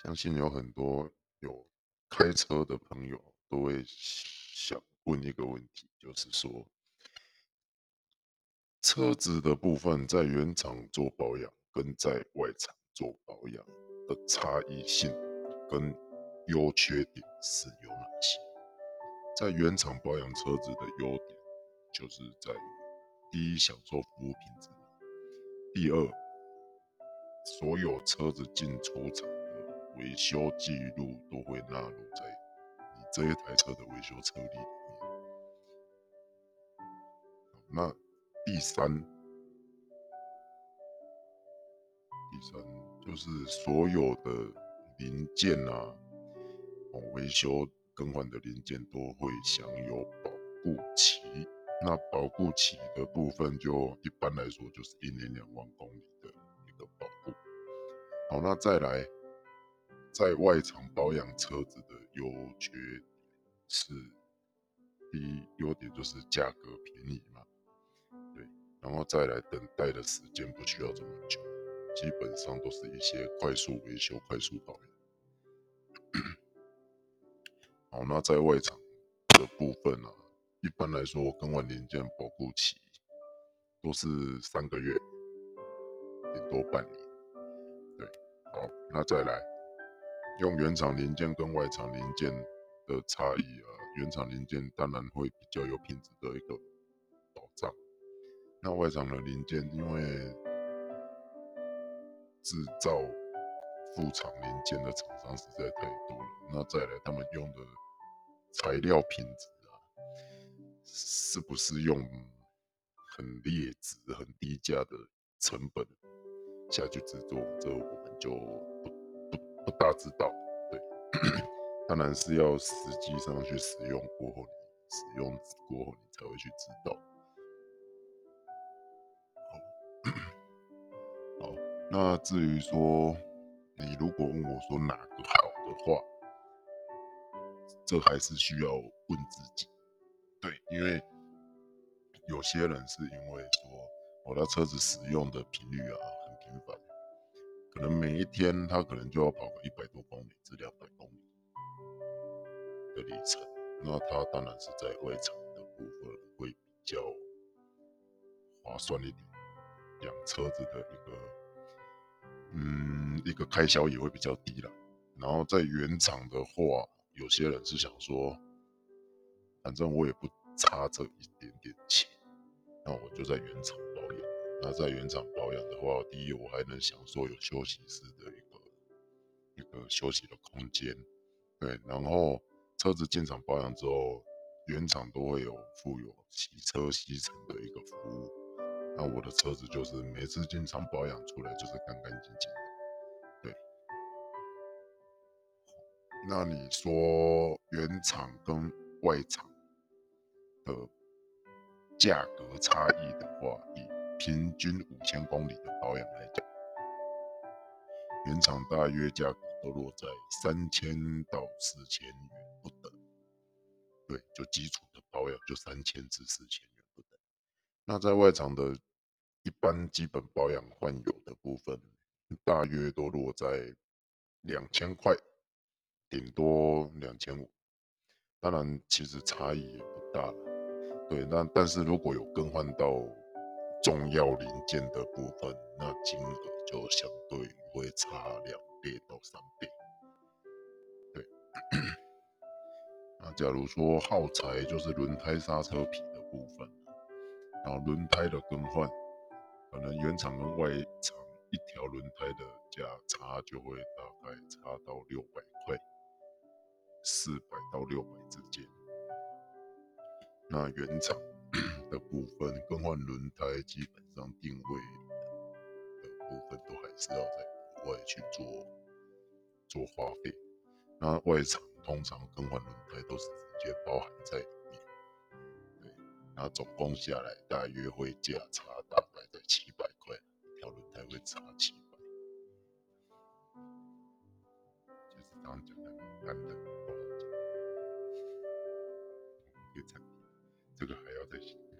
相信有很多有開車的朋友都會想問一個問題，就是說，車子的部分在原廠做保養跟在外廠做保養的差異性跟優缺點是有哪些？在原廠保養車子的優點，就是在於第一，享受服務品質；第二，所有車子進出廠，維修記錄都會納入在你這一台車的維修車裡。那第三，第三就是所有的零件啊，哦，維修更換的零件都會享有保固期。那保固期的部分就，就一般來說就是一年兩萬公里的一個保固。好，那再來。在外廠保養車子的優缺點是，第一優點就是價格便宜嘛，對，然後再來等待的時間不需要這麼久，基本上都是一些快速維修、快速保養。 好，那在外廠的部分呢、啊，一般來說更換零件保護期都是三個月，頂多半年，對，好，那再來。用原廠零件跟外廠零件的差異啊，原廠零件當然會比較有品質的一個保障。那外廠的零件，因為製造副廠零件的廠商實在太多了，那再來他們用的材料品質啊，是不是用很劣質、很低價的成本下去製作，這我們就不。哦、大知道，對， 當然是要實際上去使用過後，你使用過後你才會去知道。好， 好，那至於說你如果問我說哪個好的話，這還是需要問自己，對，因為有些人是因為說我的、哦、車子使用的頻率啊很頻繁。可能每一天他可能就要跑個一百多公里至兩百公里的里程，那他當然是在外廠的部分會比較划算一點，養車子的一個，嗯，一個開銷也會比較低了。然後在原廠的話，有些人是想說，反正我也不差這一點點錢，那我就在原廠。那在原廠保養的話，第一我還能享受有休息室的一個一個休息的空間，對。然後車子進廠保養之後，原廠都會有附有洗車、吸塵的一個服務。那我的車子就是每次進廠保養出來就是乾乾淨淨的，對。那你說原廠跟外廠的價格差異的話，以平均五千公里的保養來講，原廠大約價格都落在三千到四千元不等。對，就基礎的保養就三千至四千元不等。那在外廠的，一般基本保養換油的部分，大約都落在兩千塊，頂多兩千五。當然，其實差異也不大，對，那但是如果有更換到重要零件的部分，那金額就相對會差兩倍到三倍。對， 那假如說耗材就是輪胎、剎車皮的部分，然後輪胎的更換，可能原廠跟外廠一條輪胎的價差就會大概差到六百塊，四百到六百之間。那原廠。部分更換輪胎，基本上定位的部分都還是要在國外去做做花費，那外廠通常更換輪胎都是直接包含在裡面。對，那總共下來大約會價差大概在七百塊，一條輪胎會差七百，就是這剛剛講的單的，不同產品這個還要在。